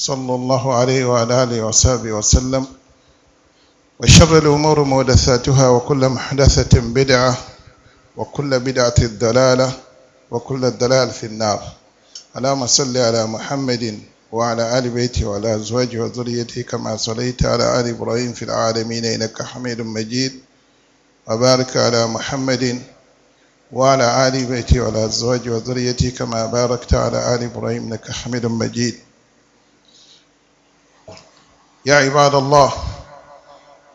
صلى الله عليه وعلى آله وصحبه وسلم وشر الأمور محدثاتها وكل محدثة بدعة وكل بدعة الدلالة وكل الدلال في النار اللهم صل على محمد وعلى آل بيته وعلى أزواجه وذريته كما صليت على آل إبراهيم في العالمين إنك حميد مجيد وبارك على محمد وعلى آل بيته وعلى أزواجه وذريته كما باركت على آل إبراهيم إنك حميد مجيد يا عباد الله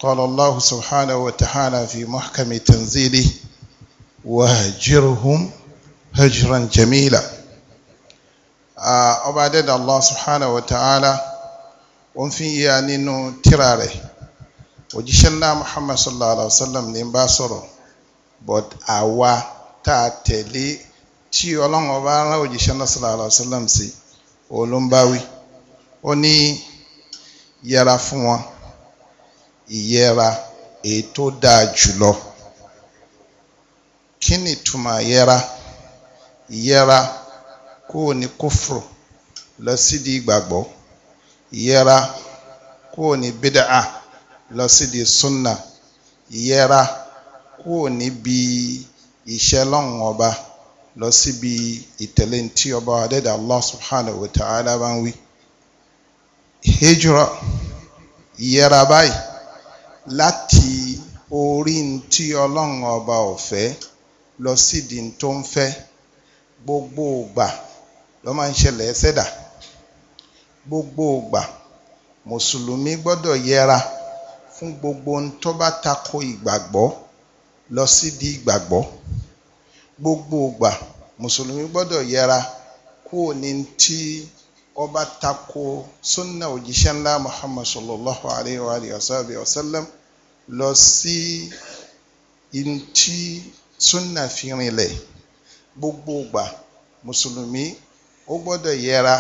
قال الله سبحانه وتعالى في محكم تنزيله وهجرهم هجرا جميلا أبعد الله سبحانه وتعالى wọ́n fi ń yà nínú tíra rẹ̀ òjíṣẹ́ ńlá Muhammad sallallahu alaihi wa sallam ní bá sọ̀rọ̀ but àwa tá a tẹ̀lé tí ọlọ́run ọba rán òjíṣẹ́ ńlá sallallahu alaihi wa sallam sí olùbáwí ó ní yẹra fún wọn ìyẹra èyí tó dáa jùlọ kí ni ìtumọ̀ yẹra ìyẹra kúrò ní kófòrò lọ sídìí ìgbàgbọ́ ìyẹra kúrò ní bídàá lọ sídìí súnà ìyẹra kúrò níbi iṣẹ́ lọ́hùn ọba lọ síbi ìtẹ̀lé ntí ọba adẹ́dàá Allah subhanahu wa ta'ala bá ń wí hijra yẹra báyìí láti orí tí ọlọ́run ọba ò fẹ́ lọ sídi tó ń fẹ́ gbogbo ògbà ló máa ń ṣẹlẹ̀ ẹsẹ̀dà gbogbo ògbà mùsùlùmí gbọ́dọ̀ yẹra fún gbogbo ohun tó bá tako ìgbàgbọ́ lọ sídi ìgbàgbọ́ gbogbo ògbà mùsùlùmí gbọ́dọ̀ yẹra kúrò ní tí ọba tako sunna òjíṣẹ́ ńlá muhammad sallallahu alayhi wa alihi wa sallam lọ sí ntí sunna fi rinlẹ̀ gbogbo ìgbà mùsùlùmí ó gbọ́dọ̀ yẹra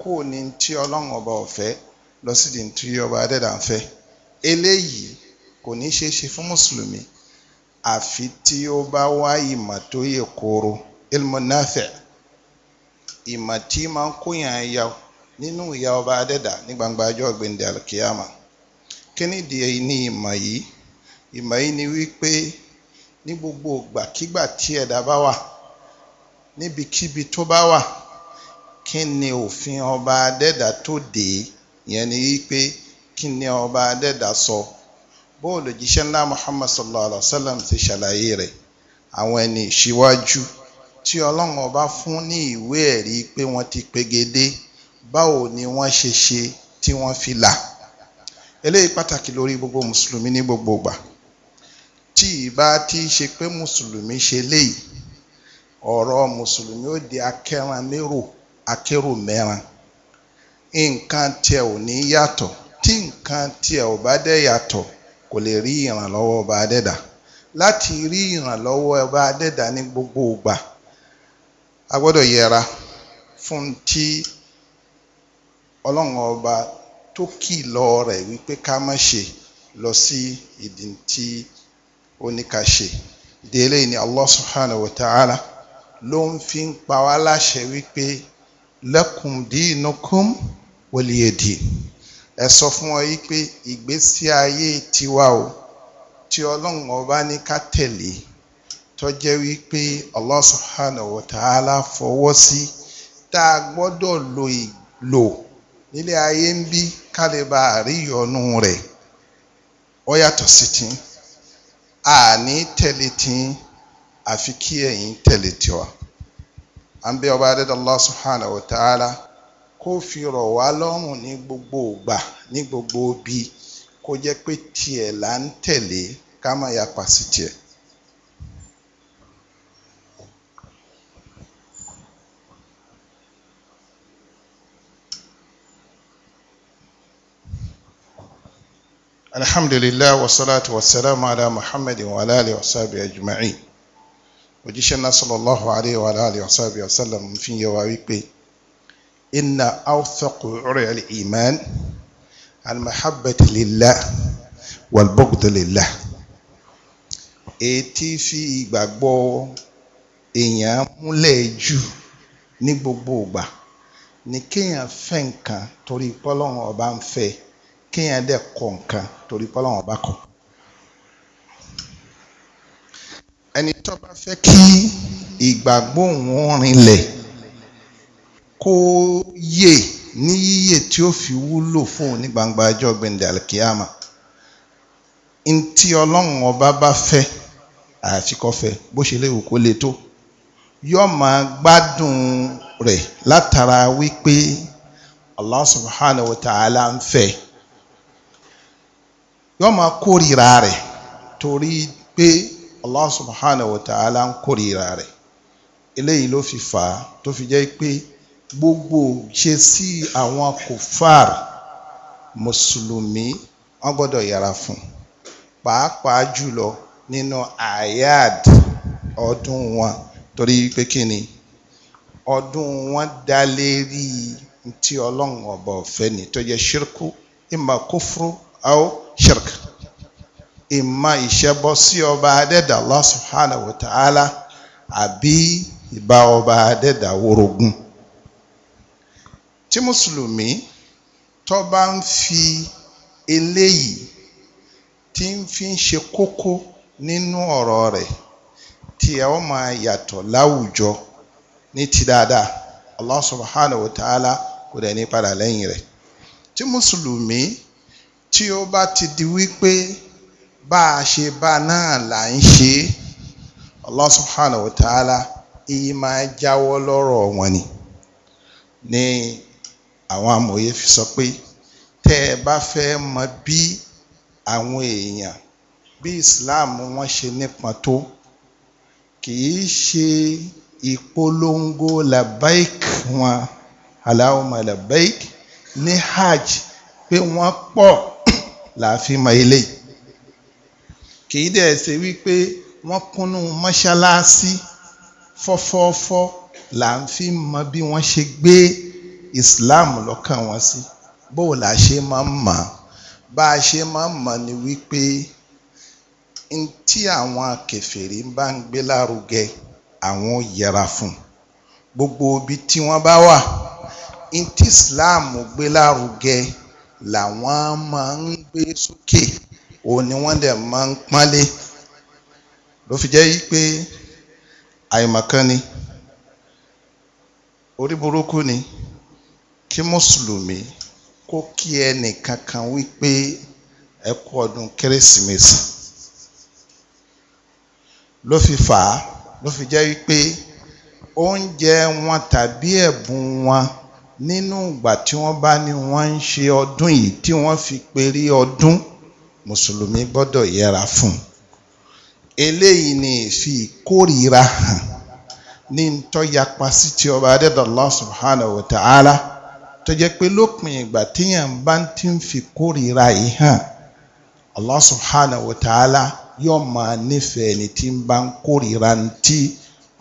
kó o ní ntí ọlọ́run ọba ọ̀fẹ́ lọ sí di ntí ọba adẹ́dàfẹ́ eléyìí kò ní ṣeé ṣe fún mùsùlùmí àfi tí ó bá wá ìmọ̀ tó yẹ kóró ilmu nafi' ìmọ̀ tí máa ń kóyàn ya nínú ìyà ọba adẹ́dà ní gbangba ọjọ́ ọ̀gbìndẹ̀ alkiyama kí nídìí èyí ni ìmọ̀ yìí ìmọ̀ yìí ni wípé ní gbogbo ìgbàkígbà tí ẹ̀dá bá wà níbikíbi tó bá wà kí ni òfin ọba adẹ́dà tó dé ìyẹn ni wípé kí ni ọba adẹ́dà sọ bóòlù jíṣẹ́ ńlá Muhammad sallallahu alaihi wa sallam ti ṣàlàyé rẹ̀ àwọn ẹni ìṣíwájú tí ọlọ́run ọba fún ní ìwé ẹ̀rí pé wọ́n ti pegedé báwo ni wọ́n ṣe ṣe tí wọ́n fi là eléyìí pàtàkì lórí gbogbo mùsùlùmí ní gbogbo ìgbà tí ìbá ti ṣe pé mùsùlùmí ṣe léyìí ọ̀rọ̀ mùsùlùmí ó di akẹ́ran lérò akérò mẹ́ran nǹkan tiẹ̀ ò ní yàtọ̀ tí nǹkan tiẹ̀ ò bá dẹ̀ yàtọ̀ kò lè rí ìrànlọ́wọ́ ọba adẹ́dà láti rí ìrànlọ́wọ́ ọba adẹ́dà ní gbogbo ìgbà a gbọ́dọ̀ yẹra fún tí ọlọ́run ọba tó kìlọ̀ rẹ̀ wípé ká má ṣe lọ sí ìdí tí ó ní ká ṣe ìdí ni Allah subhanahu wa ta'ala ló ń fi ń pa wá láṣẹ wípé lakum dinukum waliyadi ẹ sọ fún wọn yìí pé ìgbésí ayé tiwa o tí ọlọ́run ọba ní ká tẹ̀lé tó jẹ́ wípé Allah ala wa ta'ala fọwọ́ sí tá a gbọ́dọ̀ nílé ayé ń bí kálíba àríyọnu rẹ̀ ó yàtọ̀ sí tí àní tẹ̀lé tí àfi kí tẹ̀lé à ń bẹ ọba wa kó fi rọ̀ wá lọ́rùn bí kó jẹ́ pé tiẹ̀ là ń alhamdulillah wasalaatu wasalaamu ala muhammad wa ala alihi wa sahbihi ajma'in òjíṣẹ́ náà sallallahu alayhi wa alihi wa sahbihi wa sallam fi yẹ wá wípé inna awthaqu urya al-iman al-mahabbatu lillah wal-bughdu lillah ètí fi ìgbàgbọ́ èèyàn múlẹ̀ jù ní gbogbo ìgbà ní kéèyàn fẹ́ nǹkan torí pọ́lọ́run ọba ń kéèyàn dẹ̀ kọ̀ nǹkan torí pé Ọlọ́run bá kọ̀. ẹni tó bá fẹ́ kí ìgbàgbọ́ òun rinlẹ̀ kó yè ní yíyè tí ó fi wúlò fún òun ní gbangba ọjọ́ gbẹ̀ndẹ̀ alikiyama ntí Ọlọ́run ọba bá fẹ́ àti bó ṣe léwu kó le tó yóò máa gbádùn rẹ̀ látara wípé Allah subhanahu wa ta'ala ń fẹ́ ẹ. yọọ ma kórìíra rẹ̀ torí pé Allah subhanahu wa ta'ala ń kórìíra rẹ̀ eléyìí ló fi fà á tó fi jẹ́ pé gbogbo ṣe sí àwọn kòfàr mùsùlùmí wọ́n gbọdọ fún pàápàá jùlọ nínú ayad ọdún wọn torí pé kí ni ọdún wọn ni tó ṣírkú ìmọ̀ aw shirk ìmọ̀ ìṣẹ́bọ sí ọba adẹ́dà Allah subhanahu wa ta'ala àbí ìbá ọba adẹ́dà worogun tí mùsùlùmí tó bá ń fi eléyìí tí ń fi ń ṣe kókó nínú ọ̀rọ̀ rẹ̀ tí ẹ ó máa yàtọ̀ láwùjọ ní ti dáadáa Allah subhanahu wa ta'ala kò dẹ̀ ní padà lẹ́yìn rẹ̀ tí mùsùlùmí tí ó bá ti di wípé bá a ṣe bá náà là ń ṣe é Allah subhanahu wa ta'ala èyí máa jáwọ́ lọ́rọ̀ wọn ni ní àwọn amòye fi sọ pé tẹ́ ẹ bá fẹ́ mọ bí àwọn èèyàn bí Islam wọn ṣe nípọn tó kì í ṣe ìpolongo labaik wọn Allahumma labaik ní hajj pé wọ́n pọ̀ làá fi mọ eléyìí kìí dẹ̀ ṣe wípé wọ́n kúnnú mọ́ṣáláṣí fọ́fọ́fọ́ là mọ bí wọ́n ṣe gbé Islam lọ́kàn wọn sí bó la ṣe máa ń mọ̀ bá a ṣe máa ń mọ̀ ni wípé n tí àwọn akẹfẹ̀rí bá ń gbé lárugẹ àwọn ò yẹra fún gbogbo ibi tí wọ́n bá wà n tí Islam gbé lárugẹ làwọn máa ń gbé sókè òun ni wọ́n dẹ̀ máa ń pọ́nlé ló fi jẹ́ pé àìmọ̀kan ni orí burúkú ni kí mùsùlùmí kó kí ẹnì kankan wípé ẹ kú ọdún kérésìmesì ló fi fà á ló fi jẹ́ wípé oúnjẹ wọn tàbí ẹ̀bùn wọn nínú ìgbà tí wọ́n bá ní wọ́n ń ṣe ọdún yìí tí wọ́n fi perí ọdún mùsùlùmí gbọ́dọ̀ yẹra fún un eléyìí ni fi ìkórìíra hàn ní tọ́yapa sí ti ọba adẹ́dàá Allah subhanahu wa ta'ala tó jẹ́ pé lópin ìgbà téèyàn bá ti ń fi kórìíra yìí hàn Allah subhanahu wa ta'ala yóò máa nífẹ̀ẹ́ ni tí ń bá ń kórìíra ní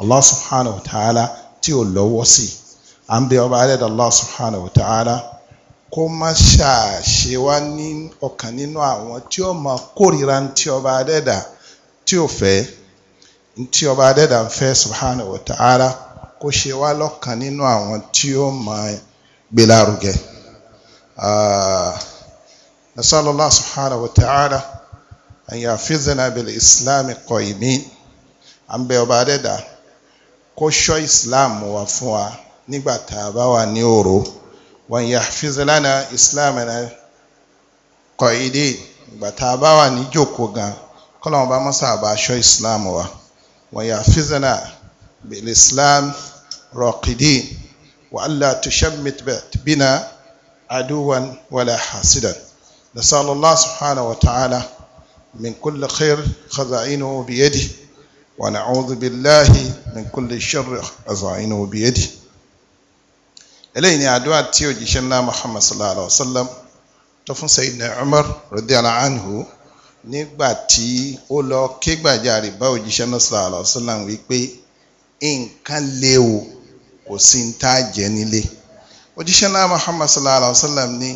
Allah subhanahu wa ta'ala tí ò lọ́wọ́ sí i à ń bẹ ọba alẹ́dà Allah subhanahu wa ta'ala kó má ṣàṣe wá ní ọ̀kan nínú àwọn tí ó máa kórìíra tí ọba alẹ́dà tí ò fẹ́ tí ọba adẹ́dà ń fẹ́ subhanahu wa ta'ala kó ṣe wá lọ́kàn nínú àwọn tí ó máa gbé lárugẹ. nasalala subhanahu wa ta'ala ẹ̀yà fìzánà bẹ̀rẹ̀ islam kọ̀ ìmí à ń bẹ ọba adẹ́dà kó ṣọ́ islam wá fún wa nígbà tá a bá wà ní òru wa yahfiz lana islamana qaidi ìgbà tá a bá wà ní jókòó gan kọ́lọ́mù bá mọ́sá àbá aṣọ islam wa wa yahfizna bil islam raqidin wa alla tushammit bina aduwan wala hasidan nasal allah wa ta'ala min kulli khair khaza'inuhu biyadihi wa na'udhu billahi min kulli sharri khaza'inuhu biyadihi eléyìí ni àdúrà tí òjíṣẹ́ ńlá muhammad sallallahu alayhi wa sallam tó fún sayyidina umar radiyallahu anhu nígbà tí ó lọ ké gbàjarè bá òjíṣẹ́ ńlá sallallahu alayhi wa sallam wípé nǹkan léwu kò sí ń tá jẹ nílé òjíṣẹ́ ńlá muhammad sallallahu alayhi wa sallam ní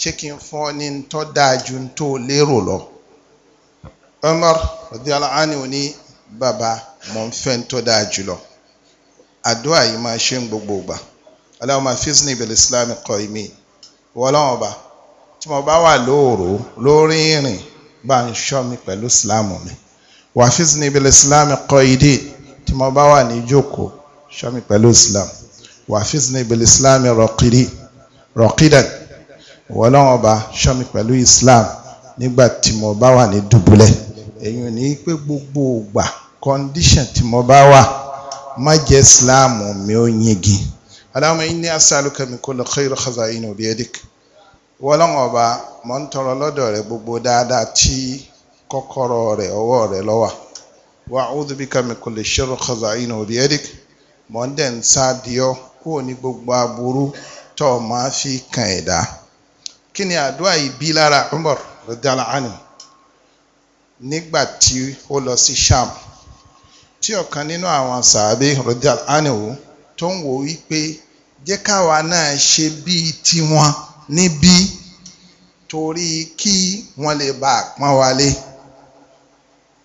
ṣé kí n fọ́ ní ń tọ́ dáa ju ń tó lérò lọ umar radiyallahu anhu ní bàbá mò ń fẹ́ ń tọ́ dáa jùlọ àdúrà yìí máa ṣe ń gbogbo ìgbà. Allahumma hafizni bil islam qaimi wọ́lọ́run ọba tí mo bá wà lóòrò lórí ìrìn bá ń ṣọ́ mi pẹ̀lú islam mi wàhafizni bil islam qaidi tí mo bá wà ní jókòó ṣọ́ mi pẹ̀lú islam wàhafizni bil islam rọ̀kìdì rọ̀kìdàn wọ́lọ́run ọba ṣọ́ mi pẹ̀lú islam nígbà tí mo bá wà ní dùbúlẹ̀ èyí ni pé gbogbo ògbà condition tí mo bá wà má jẹ́ islam mi ó yingin aláwọ̀ yìí ní asálùkà mi kò lọ khayra khaza'in biyadik wọ́lọ́n ọba mọ̀ ń tọrọ lọ́dọ̀ rẹ gbogbo dáadáa tí kọ́kọ́rọ́ rẹ ọwọ́ rẹ lọ́wà wa a'udhu bika min kulli sharri khaza'in biyadik mọ̀ ń dẹ̀ ń sá diọ́ kúrò ní gbogbo aburú tó o máa fi kàn ẹ̀dá kí ni àdúrà yìí bí lára Umar radiyallahu anhu nígbà tí ó lọ sí Sham tí ọ̀kan nínú àwọn sàábé radiyallahu anhu tó ń wò wípé jẹ́ káwa náà ṣe bíi tiwọn níbí torí kí wọ́n lè bá a pọ́n wálé.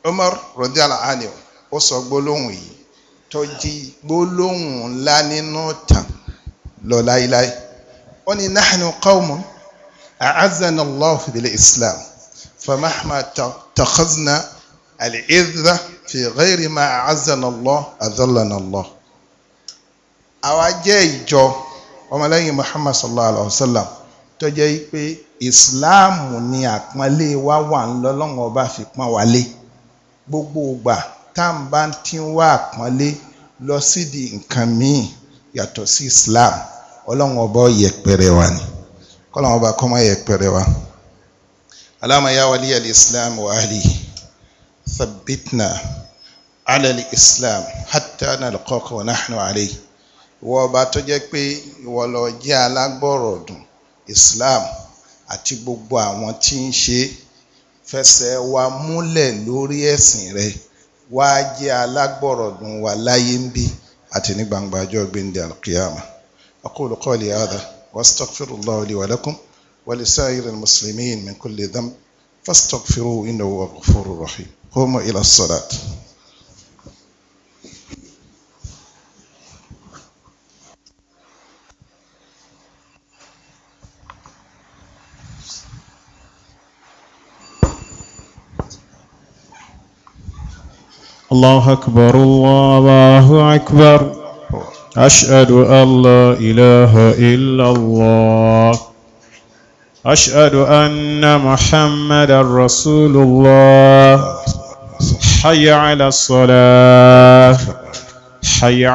Umar rọdíàlà àlè ó sọ gbólóhùn yìí tó di gbólóhùn ńlá nínú tàn lọ láíláí. Ó ní nahnu qawmun a'azzana Allahu bil Islam famahma takhazna al fi ghayri ma a'azzana Allah adhallana Allah àwa jẹ́ ìjọ ọmọlẹ́yìn Muhammad sallallahu alayhi wa sallam tó jẹ́ pé ìsìláàmù ni àpọ́nlé wa wà ń lọ́lọ́run ọba fi pọ́n wa lé gbogbo ìgbà tá à ń bá ti ń wá àpọ́nlé lọ sídìí nǹkan míì yàtọ̀ sí Islam ọlọ́run ọba yẹpẹrẹ wa ni kọ́lọ́run ọba kọ́mọ yẹpẹrẹ wa. alama ya wali Islam wa ahli thabbitna ala Islam hatta nalqaka wa nahnu alayhi ìwọ ọba tó jẹ́ pé ìwọ ló jẹ́ alágbọ̀rọ̀dùn Islam àti gbogbo àwọn tí ń ṣe fẹsẹ̀ wa múlẹ̀ lórí ẹ̀sìn rẹ wá jẹ́ alágbọ̀rọ̀dùn wa láyé ń bí àti ní gbangba ọjọ́ gbẹ̀ndẹ̀ alqiyama aqulu qawli hadha wa astaghfirullah li wa lakum wa li sa'iril muslimin min kulli dhanb fastaghfiruhu innahu huwal ghafurur rahim qumu ila as-salat. الله أكبر الله أكبر أشهد أن لا إله إلا الله أشهد أن محمد رسول الله حي على الصلاة حي